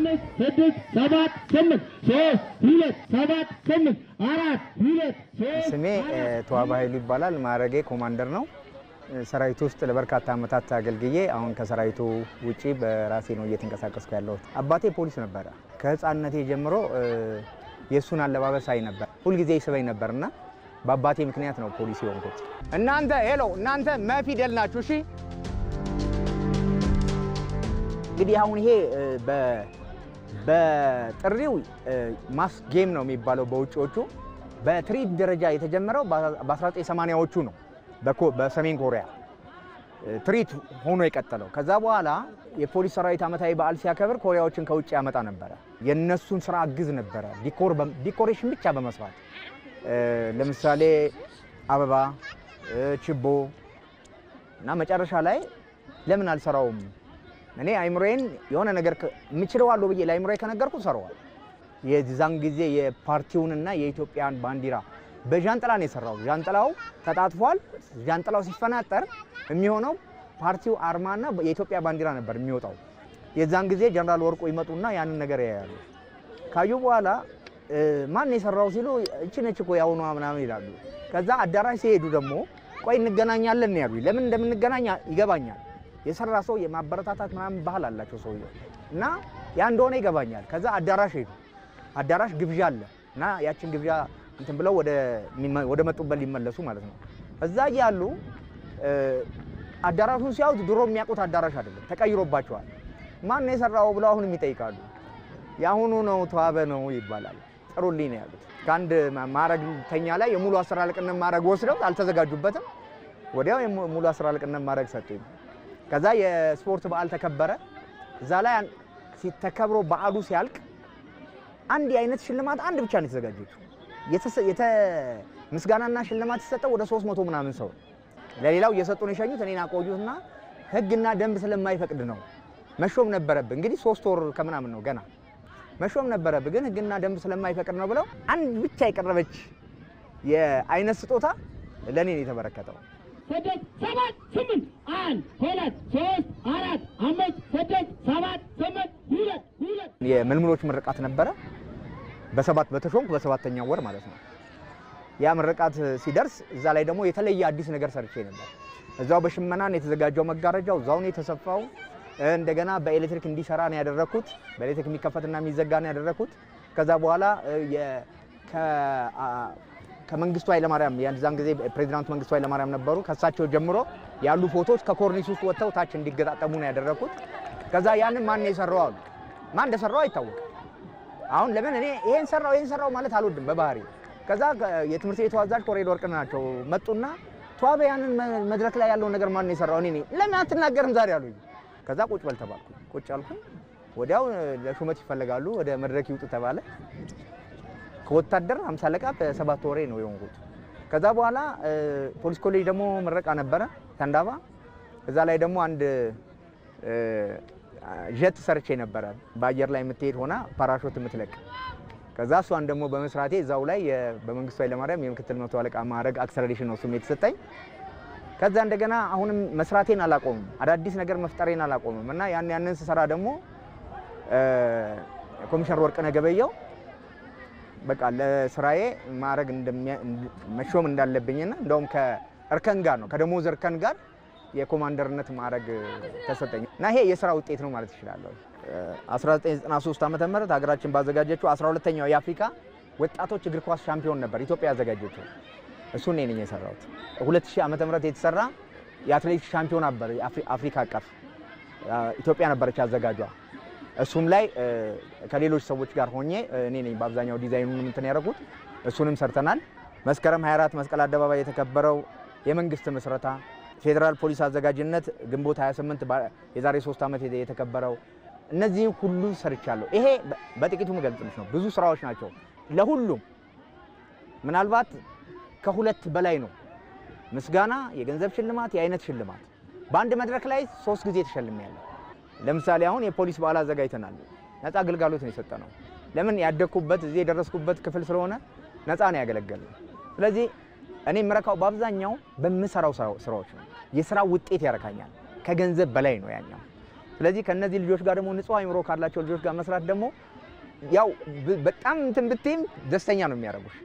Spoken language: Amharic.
አምስት ስድስት ሰባት ስምንት ሶስት ሁለት ሰባት ስምንት አራት ሁለት ሶስት። ስሜ ተዋብ ኃይሉ ይባላል። ማዕረጌ ኮማንደር ነው። ሰራዊቱ ውስጥ ለበርካታ ዓመታት አገልግዬ አሁን ከሰራዊቱ ውጪ በራሴ ነው እየተንቀሳቀስኩ ያለሁት። አባቴ ፖሊስ ነበረ። ከህፃንነቴ ጀምሮ የእሱን አለባበስ አይ ነበር፣ ሁልጊዜ ይስበኝ ነበርና በአባቴ ምክንያት ነው ፖሊስ የሆንኩት። እናንተ ሄሎ፣ እናንተ መፊደል ናችሁ። እሺ እንግዲህ አሁን ይሄ በጥሪው ማስ ጌም ነው የሚባለው በውጭዎቹ። በትርኢት ደረጃ የተጀመረው በ1980ዎቹ ነው በሰሜን ኮሪያ ትርኢት ሆኖ የቀጠለው። ከዛ በኋላ የፖሊስ ሰራዊት ዓመታዊ በዓል ሲያከብር ኮሪያዎችን ከውጭ ያመጣ ነበረ። የእነሱን ስራ አግዝ ነበረ፣ ዲኮሬሽን ብቻ በመስራት ለምሳሌ አበባ፣ ችቦ እና መጨረሻ ላይ ለምን አልሰራውም እኔ አይምሮዬን የሆነ ነገር የምችለዋለሁ ብዬ ለአይምሮዬ ከነገርኩ ሰረዋል። የዛን ጊዜ የፓርቲውንና የኢትዮጵያን ባንዲራ በዣንጥላ ነው የሰራው። ዣንጥላው ተጣጥፏል። ዣንጥላው ሲፈናጠር የሚሆነው ፓርቲው አርማና የኢትዮጵያ ባንዲራ ነበር የሚወጣው። የዛን ጊዜ ጀነራል ወርቁ ይመጡና ያንን ነገር ያያሉ። ካዩ በኋላ ማን የሰራው ሲሉ እቺ ነች እኮ ምናምን ይላሉ። ከዛ አዳራሽ ሲሄዱ ደግሞ ቆይ እንገናኛለን ያሉ። ለምን እንደምንገናኛ ይገባኛል የሰራ ሰው የማበረታታት ምናምን ባህል አላቸው ሰውየው እና ያ እንደሆነ ይገባኛል። ከዛ አዳራሽ ሄዱ። አዳራሽ ግብዣ አለ እና ያችን ግብዣ እንትን ብለው ወደ መጡበት ሊመለሱ ማለት ነው። እዛ ያሉ አዳራሹን ሲያዩት ድሮ የሚያውቁት አዳራሽ አይደለም፣ ተቀይሮባቸዋል። ማን ነው የሰራው ብለው አሁንም ይጠይቃሉ። የአሁኑ ነው ተዋበ ነው ይባላል። ጥሩልኝ ነው ያሉት። ከአንድ ማዕረግተኛ ላይ የሙሉ አስር አለቅነት ወስደው አልተዘጋጁበትም። ወዲያው የሙሉ አስር አለቅነት ማዕረግ ሰጡኝ። ከዛ የስፖርት በዓል ተከበረ። እዛ ላይ ተከብሮ በዓሉ ሲያልቅ አንድ የአይነት ሽልማት አንድ ብቻ ነው የተዘጋጀው። ምስጋናና ሽልማት ሲሰጠው ወደ 300 ምናምን ሰው ለሌላው እየሰጡ ነው የሸኙት። እኔን አቆዩትና ህግና ደንብ ስለማይፈቅድ ነው መሾም ነበረብ። እንግዲህ ሶስት ወር ከምናምን ነው ገና መሾም ነበረብ ግን ህግና ደንብ ስለማይፈቅድ ነው ብለው አንድ ብቻ የቀረበች የአይነት ስጦታ ለእኔ ነው የተበረከተው። ሰባት ስምንት አንድ የምልምሎች ምርቃት ነበረ። በሰባት በተሾምኩ በሰባተኛ ወር ማለት ነው። ያ ምርቃት ሲደርስ እዛ ላይ ደግሞ የተለየ አዲስ ነገር ሰርቼ ነበር። እዛው በሽመናን የተዘጋጀው መጋረጃው እዛውን የተሰፋው እንደገና በኤሌክትሪክ እንዲሰራ ነው ያደረኩት። በኤሌክትሪክ የሚከፈትና የሚዘጋ ነው ያደረኩት። ከዛ በኋላ ከመንግስቱ ኃይለማርያም የዛን ጊዜ ፕሬዚዳንቱ መንግስቱ ኃይለማርያም ነበሩ። ከእሳቸው ጀምሮ ያሉ ፎቶዎች ከኮርኒስ ውስጥ ወጥተው ታች እንዲገጣጠሙ ነው ያደረኩት። ከዛ ያንን ማን የሰራው አሉ። ማን እንደሰራው አይታወቅ። አሁን ለምን እኔ ይሄን ሰራው ይሄን ሰራው ማለት አልወድም በባህሪ። ከዛ የትምህርት ቤቱ አዛዥ ኮሪዶር ቅን ናቸው መጡና ተዋበ ያንን መድረክ ላይ ያለውን ነገር ማን ነው የሰራው? እኔ ነኝ። ለምን አትናገርም ዛሬ አሉኝ። ከዛ ቁጭ በል ተባልኩ። ቁጭ አልኩ። ወዲያው ለሹመት ይፈልጋሉ ወደ መድረክ ይውጡ ተባለ። ከወታደር ሃምሳ አለቃ በሰባት ወሬ ነው የሆንኩት። ከዛ በኋላ ፖሊስ ኮሌጅ ደግሞ ምረቃ ነበረ ተንዳባ። እዛ ላይ ደግሞ አንድ ጀት ሰርቼ ነበረ። በአየር ላይ የምትሄድ ሆና ፓራሾት የምትለቅ ከዛ እሷን ደግሞ በመስራቴ እዛው ላይ በመንግስቱ ኃይለማርያም የምክትል መቶ አለቃ ማዕረግ አክሰለሬሽን ነው እሱም የተሰጠኝ። ከዛ እንደገና አሁንም መስራቴን አላቆምም፣ አዳዲስ ነገር መፍጠሬን አላቆምም እና ያን ያንን ስሰራ ደግሞ ኮሚሽነር ወርቅነህ ገበየሁ በቃ ለስራዬ ማዕረግ መሾም እንዳለብኝና እንደውም ከእርከን ጋር ነው ከደሞዝ እርከን ጋር የኮማንደርነት ማዕረግ ተሰጠኝ እና ይሄ የስራ ውጤት ነው ማለት ይችላለሁ። 1993 ዓ ም ሀገራችን ባዘጋጀችው 12 ተኛው የአፍሪካ ወጣቶች እግር ኳስ ሻምፒዮን ነበር ኢትዮጵያ ያዘጋጀችው። እሱ እኔ ነኝ የሰራሁት። 2000 ዓ ም የተሰራ የአትሌቲክስ ሻምፒዮን ነበር አፍሪካ አቀፍ ኢትዮጵያ ነበረች አዘጋጇ። እሱም ላይ ከሌሎች ሰዎች ጋር ሆኜ እኔ ነኝ በአብዛኛው ዲዛይኑ እንትን ያደረጉት። እሱንም ሰርተናል። መስከረም 24 መስቀል አደባባይ የተከበረው የመንግስት ምስረታ ፌዴራል ፖሊስ አዘጋጅነት ግንቦት 28 የዛሬ 3 ዓመት የተከበረው እነዚህን ሁሉ ሰርቻለሁ። ይሄ በጥቂቱ ምገልጽልሽ ነው። ብዙ ስራዎች ናቸው። ለሁሉም ምናልባት ከሁለት በላይ ነው ምስጋና፣ የገንዘብ ሽልማት፣ የአይነት ሽልማት በአንድ መድረክ ላይ ሶስት ጊዜ ተሸልሜያለሁ። ለምሳሌ አሁን የፖሊስ በዓል አዘጋጅተናል። ነፃ አገልጋሎት ነው የሰጠነው። ለምን ያደግኩበት እዚህ የደረስኩበት ክፍል ስለሆነ ነፃ ነው ያገለገልን። ስለዚህ እኔ የምረካው በአብዛኛው በምሰራው ስራዎች ነው። የስራ ውጤት ያረካኛል። ከገንዘብ በላይ ነው ያኛው። ስለዚህ ከነዚህ ልጆች ጋር ደግሞ ንጹህ አይምሮ ካላቸው ልጆች ጋር መስራት ደግሞ ያው በጣም እንትን ብትይም ደስተኛ ነው የሚያደርጉሽ።